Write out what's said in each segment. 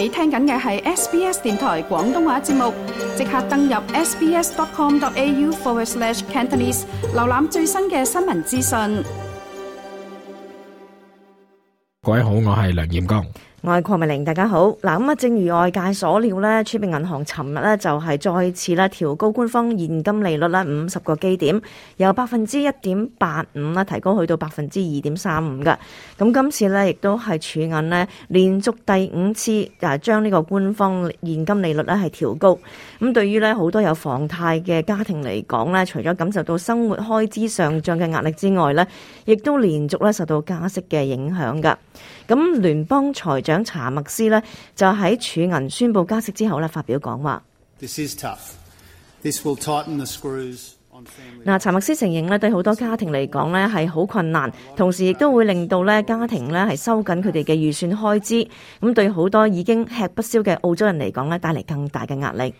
你聽緊嘅係 SBS 電台廣東話節目，即刻登入 sbs.com.au forward slash cantonese，瀏覽最新嘅新聞資訊。各位好，我係梁艷剛。我係鄺美玲，大家好。嗱，咁啊，正如外界所料咧，儲備銀行尋日咧就係再次咧調高官方現金利率啦，五十個基點，由百分之一點八五啦提高去到百分之二點三五嘅。咁今次咧亦都係儲銀呢連續第五次啊將呢個官方現金利率咧係調高。咁對於咧好多有房貸嘅家庭嚟講咧，除咗感受到生活開支上漲嘅壓力之外咧，亦都連續咧受到加息嘅影響噶。咁聯邦財長查麥斯就喺儲銀宣布加息之後咧，發表講話。嗱，查默斯承認咧，對好多家庭嚟講咧係好困難，同時亦都會令到咧家庭咧係收緊佢哋嘅預算開支。咁對好多已經吃不消嘅澳洲人嚟講咧，帶嚟更大嘅壓力。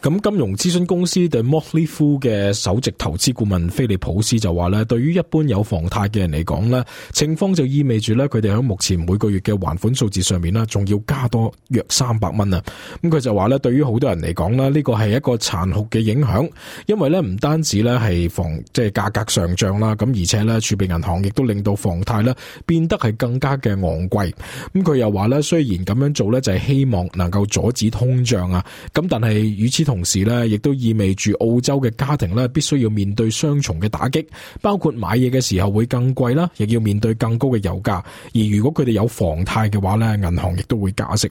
咁，金融諮詢公司 The Motley Fool 嘅首席投資顧問菲利普斯就話咧，對於一般有房貸嘅人嚟講咧，情況就意味住咧佢哋喺目前每個月嘅還款數字上面咧，仲要加多約三百蚊啊。咁佢就話咧，對於好多人嚟講咧，呢、呢個係一個殘酷嘅影響，因為咧唔單止指咧係房即係價格上漲啦，咁而且咧儲備銀行亦都令到房貸咧變得係更加嘅昂貴。咁佢又話咧，雖然咁樣做咧就係希望能夠阻止通脹啊，咁但係與此同時咧，亦都意味住澳洲嘅家庭咧必須要面對雙重嘅打擊，包括買嘢嘅時候會更貴啦，亦要面對更高嘅油價。而如果佢哋有房貸嘅話咧，銀行亦都會加息。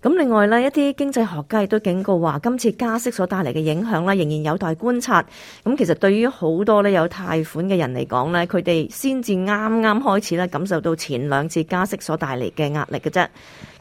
咁另外呢，一啲經濟學家亦都警告話，今次加息所帶嚟嘅影響呢，仍然有待觀察。咁其實對於好多呢有貸款嘅人嚟講呢，佢哋先至啱啱開始呢，感受到前兩次加息所帶嚟嘅壓力嘅啫。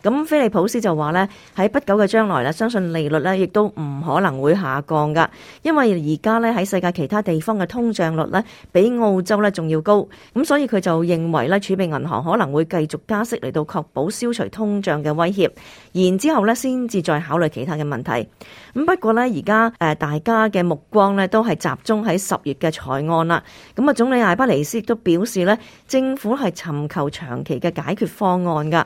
咁菲利普斯就話呢，喺不久嘅將來呢，相信利率呢，亦都唔可能會下降㗎，因為而家呢，喺世界其他地方嘅通脹率呢，比澳洲呢，仲要高。咁所以佢就認為呢，儲備銀行可能會繼續加息嚟到確保消除通脹嘅威脅而。然之後咧，先至再考慮其他嘅問題。咁不過咧，而家誒大家嘅目光咧都係集中喺十月嘅財案啦。咁啊，總理艾巴尼斯亦都表示咧，政府係尋求長期嘅解決方案噶。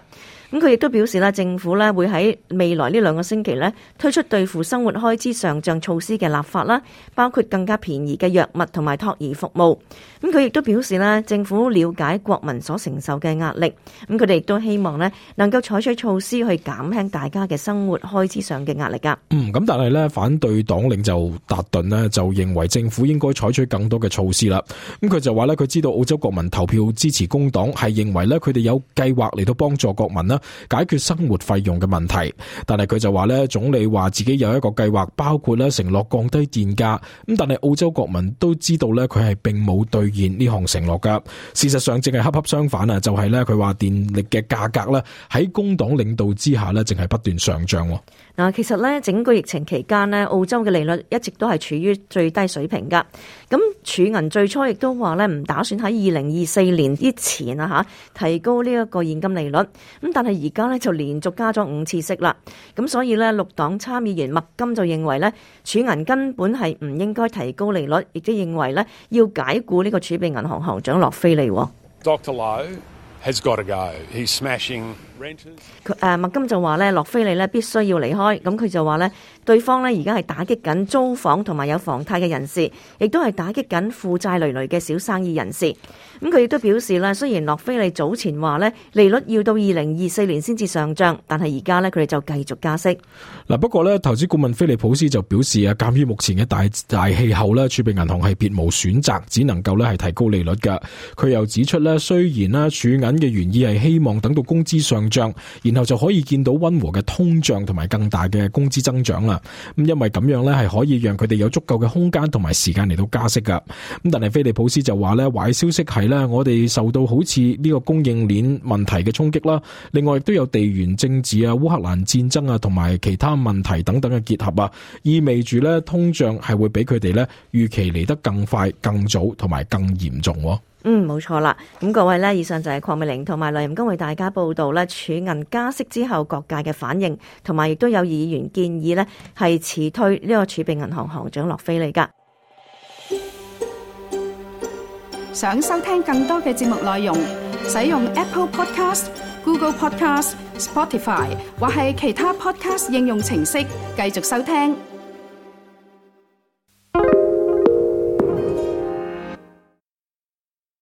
咁佢亦都表示啦，政府呢會喺未來呢兩個星期呢推出對付生活開支上漲措施嘅立法啦，包括更加便宜嘅藥物同埋托兒服務。咁佢亦都表示咧，政府了解國民所承受嘅壓力，咁佢哋亦都希望呢能夠採取措施去減輕大家嘅生活開支上嘅壓力噶。嗯，咁但係呢，反對黨領袖達頓咧就認為政府應該採取更多嘅措施啦。咁佢就話呢，佢知道澳洲國民投票支持工黨，係認為呢佢哋有計劃嚟到幫助國民啦。解決生活費用嘅問題，但係佢就話咧，總理話自己有一個計劃，包括咧承諾降低電價，咁但係澳洲國民都知道咧，佢係並冇兌現呢項承諾噶。事實上，正係恰恰相反啊，就係咧佢話電力嘅價格咧喺工黨領導之下咧，淨係不斷上漲。嗱，其實咧，整個疫情期間咧，澳洲嘅利率一直都係處於最低水平噶。咁儲銀最初亦都話咧，唔打算喺二零二四年之前啊吓提高呢一個現金利率。咁但係而家咧就連續加咗五次息啦。咁所以咧，綠黨參議員麥金就認為咧，儲銀根本係唔應該提高利率，亦都認為咧要解僱呢個儲備銀行行長洛菲利。Doctor Lowe has got to go. He's smashing. 佢誒，麥金就話咧，洛菲利咧必須要離開。咁佢就話咧，對方咧而家係打擊緊租房同埋有房貸嘅人士，亦都係打擊緊負債累累嘅小生意人士。咁佢亦都表示啦，雖然洛菲利早前話咧利率要到二零二四年先至上漲，但係而家咧佢哋就繼續加息。嗱，不過咧，投資顧問菲利普斯就表示啊，鑒於目前嘅大大氣候咧，儲備銀行係別無選擇，只能夠咧係提高利率噶。佢又指出咧，雖然咧儲銀嘅原意係希望等到工資上。漲，然後就可以見到温和嘅通脹同埋更大嘅工資增長啦。咁因為咁樣呢，係可以讓佢哋有足夠嘅空間同埋時間嚟到加息噶。咁但係菲利普斯就話呢，壞消息係呢，我哋受到好似呢個供應鏈問題嘅衝擊啦。另外亦都有地緣政治啊、烏克蘭戰爭啊同埋其他問題等等嘅結合啊，意味住呢通脹係會比佢哋呢預期嚟得更快、更早同埋更嚴重。嗯，冇錯啦。咁各位呢，以上就係鄺美玲同埋梁銀金為大家報道咧，儲銀加息之後各界嘅反應，同埋亦都有議員建議呢係辭退呢個儲備銀行行長洛菲嚟噶。想收聽更多嘅節目內容，使用 Apple Podcast、Google Podcast、Spotify 或係其他 Podcast 應用程式繼續收聽。